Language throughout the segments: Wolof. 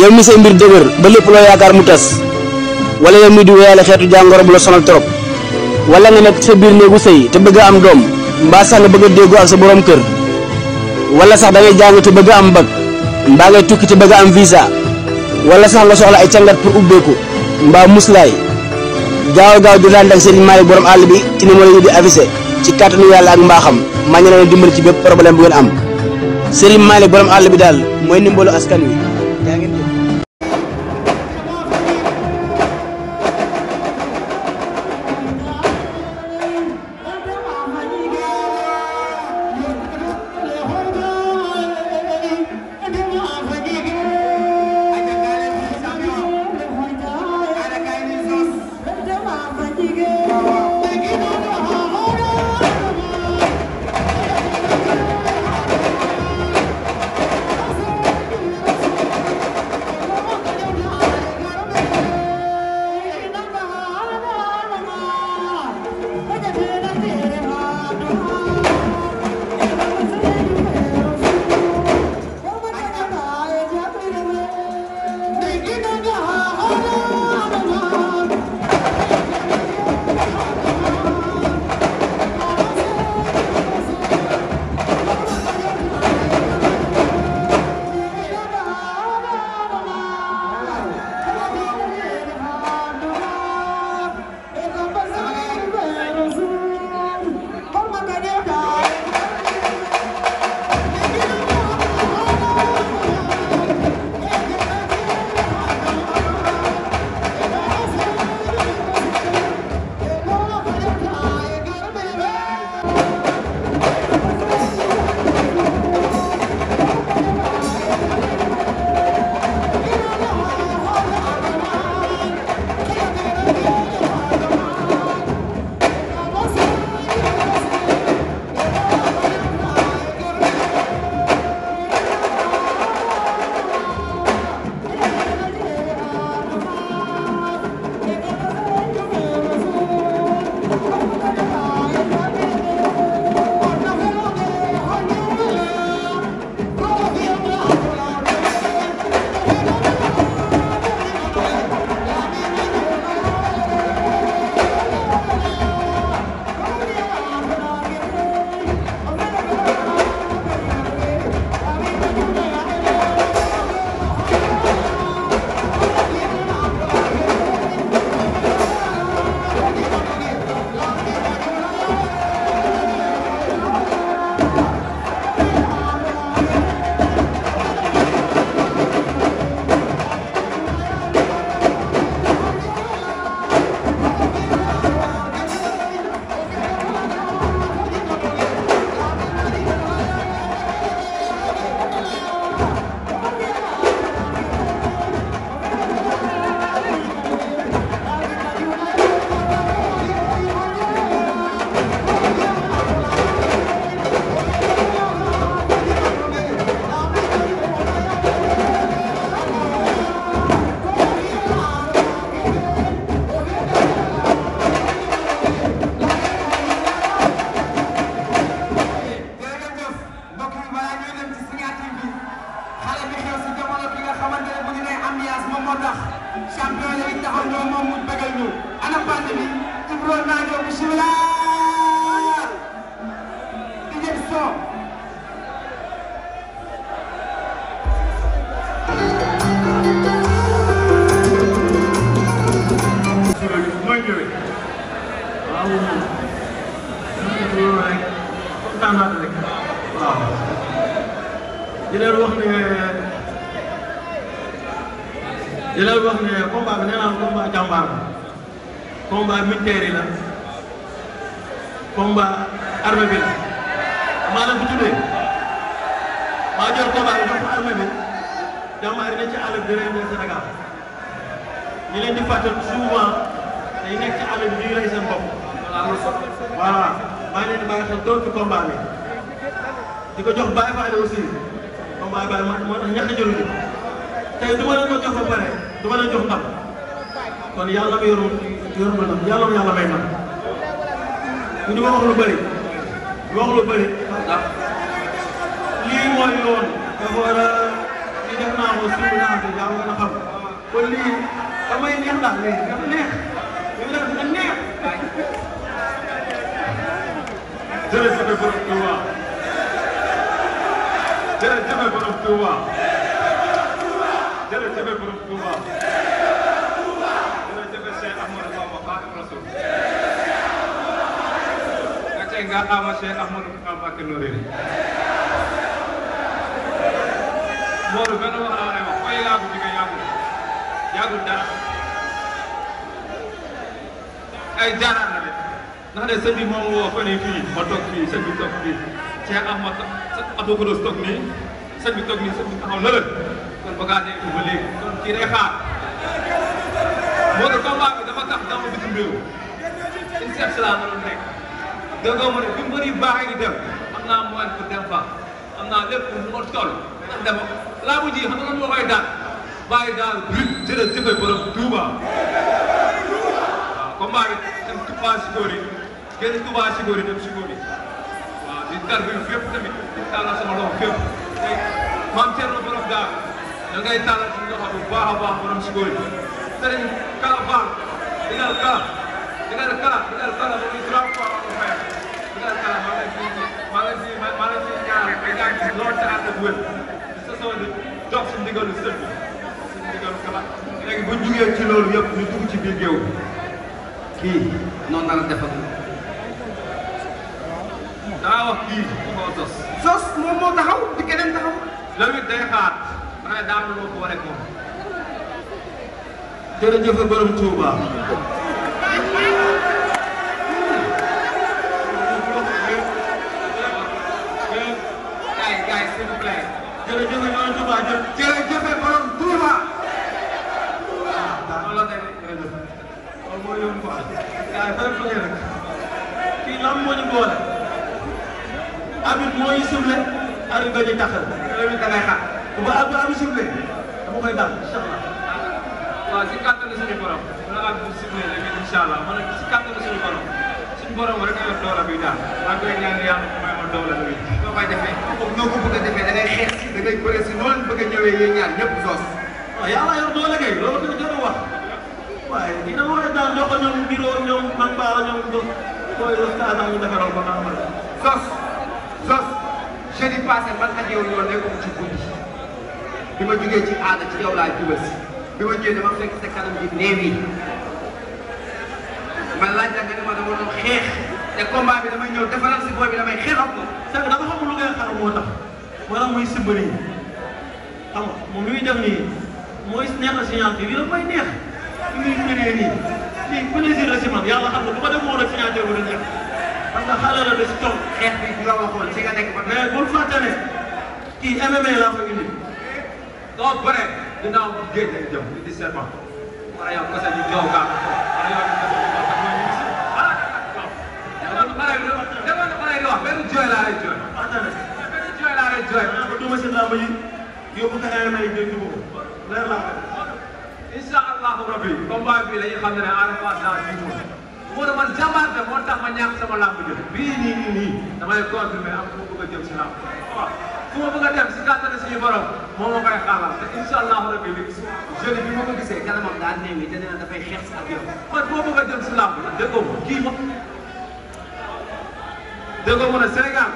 yow mi say mbir dëgër ba lépp loo yaakaar mu tas wala yow mi di wéyale xeetu jàngoro bu la sonal trop wala nga nekk sa biir néegu sëy te bëgg am doom mbaa sax nga bëgg ak sa borom kër wala sax da ngay jàng te bëgg am ngay tukki te bëgg am visa wala sax nga soxla ay cangat pour ubbeeku mbaa muslaay gaaw gaaw di daan ak sëriñ Maalik borom àll bi ci ni mu la di avisé ci kàttanu yàlla ak mbaaxam maa ngi leen dimbali ci problème bu am sëriñ Maalik borom àll bi daal mooy askan wi Bilangin mo. di leen wax ne di leen ne la combat militaire yi la combat armée la maanaam bu tuddee maa jor combat bi jox ko armée bi jàmbaar ne ci àll bi di rey Sénégal ñu leen di fàttal souvent day nekk ci àll bi ñuy rey seen bopp voilà maa ngi leen di bàyyi xel doon ci combat bi di waaye bàyyi moo moo tax ñàkk jëluñu tey du ma leen ko jox ba pare du ma leen jox ndam kon yàlla ma yor yor ma ndam yàlla ma yàlla may ndam bu ñu ma wax lu bëri wax lu bëri ndax lii mooy yoon dafa war a li def naa ko suñu naa ko yaa nga xam kon lii damay neex ndax lii dafa neex yow dafa nga neex jërëjëf jërëjëf borom Touba jërëjëf borom Touba jërëjëf Cheikh Ahmadou Bamba Khadimu Rasul kacce nga ama Cheikh Ahmadou Bamba ke noreri mooru benn wax laa lay wax koy laa ko jige yàggul yàggul dara ay jaaraan la de ndax de sëñ bi moom woo fan yii fii ma toog fii sëñ bi toog fii Cheikh Ahmad Abdou Khoudoss toog nii sëñ bi toog nii sëñ bi taxaw lële kon bagaas yi ba léegi kon kii day xaar moo tax combat bi dafa tax dama bitim réew une chef si laa nga doon nekk dégg nga ma ne bi mbër yi baax yi dem am naa moyen pour dem fa am naa lépp pour mu toll ndax dem laa bu ji xam nga moo koy daal bàyyi daal brut jërëjëf borom Touba waaw combat bi dem Touba Sikori génn Touba Sikori dem Sikori garab yi fépp tamit di tàllal sama loxo fépp te maam Thierno Borom Daara da ngay tàllal suñu loxo bu baax a baax borom si góor yi sëriñ kala baax digal kala digal kala digal kala ba muy trois fois ba mu fayal digal kala maa ngi lay maa ngi lay maa ngi lay ñaar nga ñaar gis lool te ànd ak wér sa soo di dox si ndigalu sëñ bi si ndigalu kala léegi bu ñu jugee ci loolu yëpp ñu dugg ci biir géew kii noonu la defal dangaa wax kii dafa sos. sos moom moo taxaw di keneen taxaw. loolu it day xaar ma ne daam lu ma ko waree moom. jërëjëf borom Touba. jërëjëf borom Touba jërëjëf borom Touba. waaw ah, loolu la kay mooy yoon quoi. kii lan moo ñu boole. abit mooy soufflé abit ba ñuy taxal da ngay xat ba abit abit soufflé dama koy dal inshallah waaw si kàttan suñu borom la ak bu soufflé la ngeen inshallah man si kàttan suñu borom suñu borom rek nga doola bi daal maa koy ñaan yàlla may ma doola bi soo koy defee comme noo ko bëgg a da ngay xeex si da ngay bëre si noonu bëgg a ñëwee yéen ñaar ñëpp zoos yor ko wax dina do koy ñu ko sos jeudi passé man ak yow ñoo nekkoon ci guddi bi ma jugee ci aada ci yow laa jubal si bi ma jugee dama fekk sa kanam yi néew yi man laaj la nga ne ma dama doon xeex te combat bi damay ñëw defaral si booy bi damay xeex ak ko parce que dama xamul lu ngay xaar moo tax wala muy simbali xam nga moom li muy def nii mooy neex na signature bi la koy neex li muy ñëwee nii lii plaisir la si man yàlla xam na bu ko defoon rek signature bi du neex xam nga xaaral la si toog xeet bi nga waxoon si nga nekk ba mais bul fàtte ne kii MMA laa ko indi soo pare dinaa am géej lañ jëm di serment wala yow kese ñu jox kaa wala yow kese ñu jox kaa ñu si ah waaw. dama la mën a wax benn jooy laa lay jooy. benn jooy laa lay jooy. ko duma si làmb yi yóbbu ko MMA yi dégg ko leer laa ko. incha allahu rabbi combat bi la ñuy xam ne en tout cas moo dama jabar, moo tax ma ñàkk sama làmb jëf bii nii nii nii damay confirmer am fu bëgg jëm si làmb waaw fu bëgg dem si kàttan suñu borom moo ma koy xaaral te insha allahu rabbi li jeune bi ma ko gisee kanamam daa néew te nee na dafay xeex si ak yow man foo bëgg jëm si làmb déggoo ma kii ma déggoo ma ne Sénégal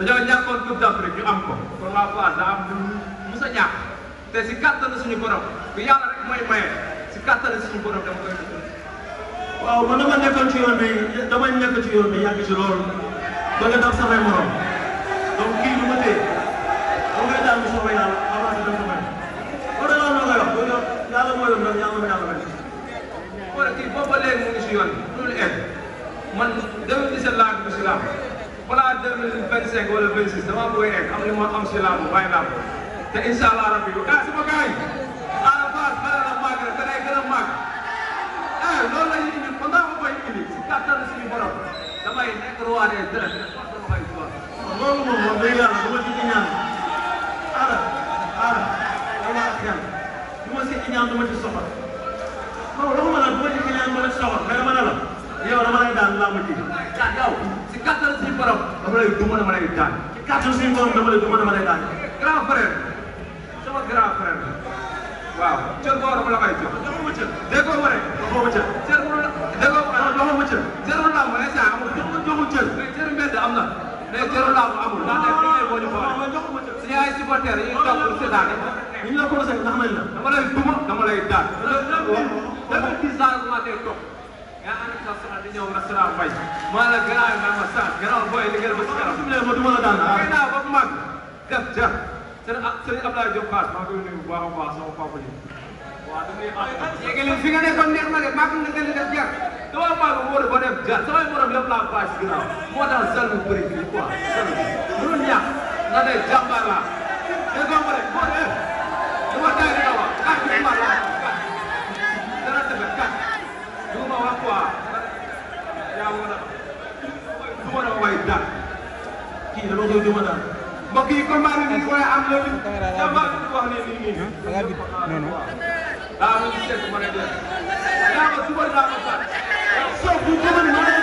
dañoo ñàkkoon coupe d'Afrique ñu am ko am suñu borom bi rek maye suñu borom koy waaw man dama nekkoon ci yoon bi dama nekk ci yoon bi yàgg ci loolu ba nga dab samay morom donc kii lu ma téye ba ngay daal bu soobee yàlla avancé dem sama yoon. kon nag loolu la koy wax yàlla mooy yoon nag yàlla mooy yàlla may. kon kii boobu ba léegi mu ngi si yoon bi loolu egg man 2017 laa dugg si làmb balaa 2025 wala 26 damaa bëgg egg am li ma am si làmb bàyyi làmb te incha allah rabbi gaa sama gars yi. à la base bala la màgg rek da ngay gën a màgg ah eh, loolu waaye nekk lu waa dee dara wax dama fay tubaab. loolu moom wax dëgg yàlla du ma si ñaan ala ala ala ak yàlla du ma si ñaan du ma ci soxal non waxuma la du ma si ñaan ma la soxal mais dama ne la yow dama lay daan laa ma ji. daan yow si kàttan suñu borom dama lay duma dama lay daan si kàttan suñu borom dama lay duma dama lay daan grand frère sama grand frère waaw cër boo war a la may jox joxuma cër déggoo ma rek joxuma cër cër mu ne déggoo ma joxuma cër Jangan lupa laa ko amul ndax nag Tawafar umur bonem jatuh umur belum lapas kira. Modal zalu beri eh. kan, kita. Dunia nade jambara. Ego mereka bonem. Dua kali kawa. Kaki malah. Jangan tebekan. Dua waktu. Ya mana. Dua orang wajib. Kita lalu dua mana. Bagi kemarin ini saya ambil sama Tuhan ini. Tidak, no, no. Lalu kita kemarin dia. Lalu super lakukan. You never mind.